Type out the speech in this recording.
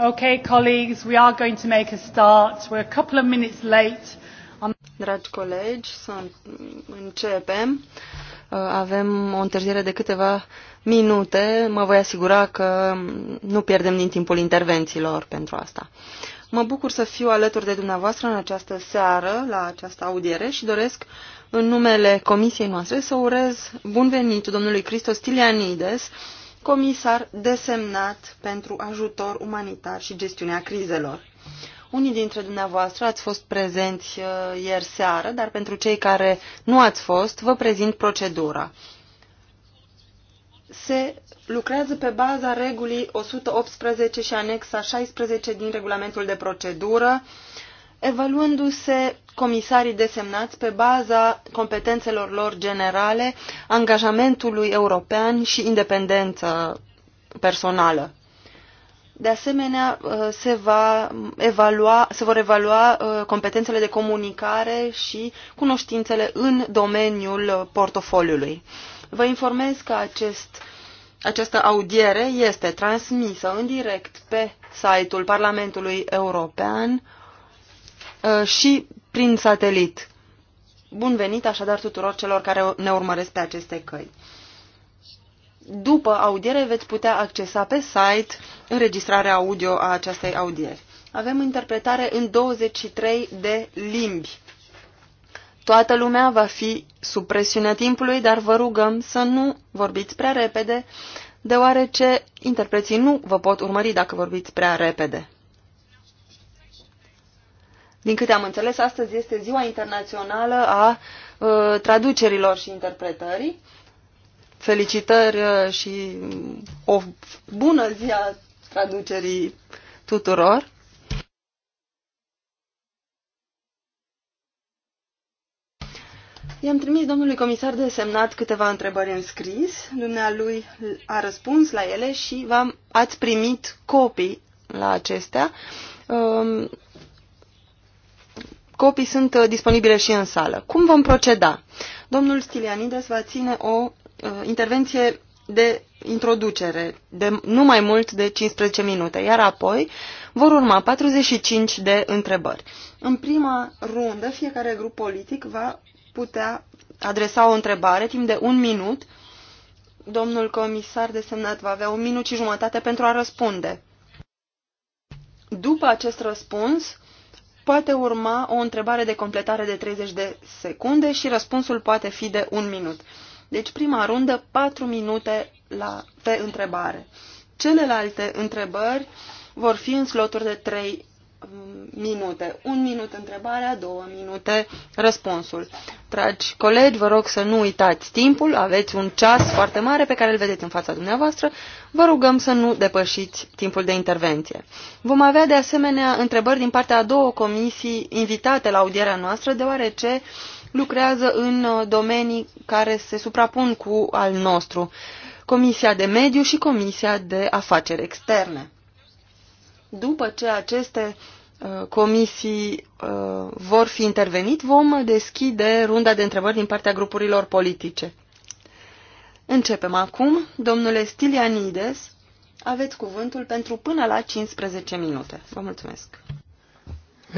Okay, colleagues, we are going to make a start. We're a couple of minutes late. Dragi colegi, să începem. Uh, avem o întârziere de câteva minute. Mă voi asigura că nu pierdem din timpul intervențiilor pentru asta. Mă bucur să fiu alături de dumneavoastră în această seară, la această audiere și doresc în numele comisiei noastre să urez bun venit domnului Cristos Tilianides, comisar desemnat pentru ajutor umanitar și gestiunea crizelor. Unii dintre dumneavoastră ați fost prezenți uh, ieri seară, dar pentru cei care nu ați fost, vă prezint procedura. Se lucrează pe baza regulii 118 și anexa 16 din regulamentul de procedură, uh, evaluându-se comisarii desemnați pe baza competențelor lor generale, angajamentului european și independență personală. De asemenea, uh, se, va evalua, se vor evalua uh, competențele de comunicare și cunoștințele în domeniul portofoliului. Vă informez că acest, această audiere este transmisă în direct pe site-ul Parlamentului European Uh, și prin satelit. Bun venit așadar tuturor celor care ne urmăresc pe aceste căi. După audiere veți putea accesa pe site înregistrarea audio a acestei audieri. Avem interpretare în 23 de limbi. Toată lumea va fi sub presiunea timpului, dar vă rugăm să nu vorbiți prea repede, deoarece interpreții nu vă pot urmări dacă vorbiți prea repede. Din câte am înțeles, astăzi este ziua internațională a uh, traducerilor și interpretării. Felicitări uh, și mm, o bună zi a traducerii tuturor. I-am trimis domnului comisar de semnat câteva întrebări în scris. Dumnealui a răspuns la ele și v-am, ați primit copii la acestea. Um, copii sunt uh, disponibile și în sală. Cum vom proceda? Domnul Stilianides va ține o uh, intervenție de introducere de nu mai mult de 15 minute, iar apoi vor urma 45 de întrebări. În prima rundă, fiecare grup politic va putea adresa o întrebare timp de un minut. Domnul comisar desemnat va avea un minut și jumătate pentru a răspunde. După acest răspuns, poate urma o întrebare de completare de 30 de secunde și răspunsul poate fi de un minut. Deci prima rundă, 4 minute la, pe întrebare. Celelalte întrebări vor fi în sloturi de 3 mm, minute. Un minut întrebarea, două minute răspunsul. Dragi colegi, vă rog să nu uitați timpul, aveți un ceas foarte mare pe care îl vedeți în fața dumneavoastră, vă rugăm să nu depășiți timpul de intervenție. Vom avea de asemenea întrebări din partea a două comisii invitate la audierea noastră, deoarece lucrează în uh, domenii care se suprapun cu al nostru, Comisia de Mediu și Comisia de Afaceri Externe. După ce aceste Uh, comisii uh, vor fi intervenit, vom deschide runda de întrebări din partea grupurilor politice. Începem acum. Domnule Stilianides, aveți cuvântul pentru până la 15 minute. Vă mulțumesc.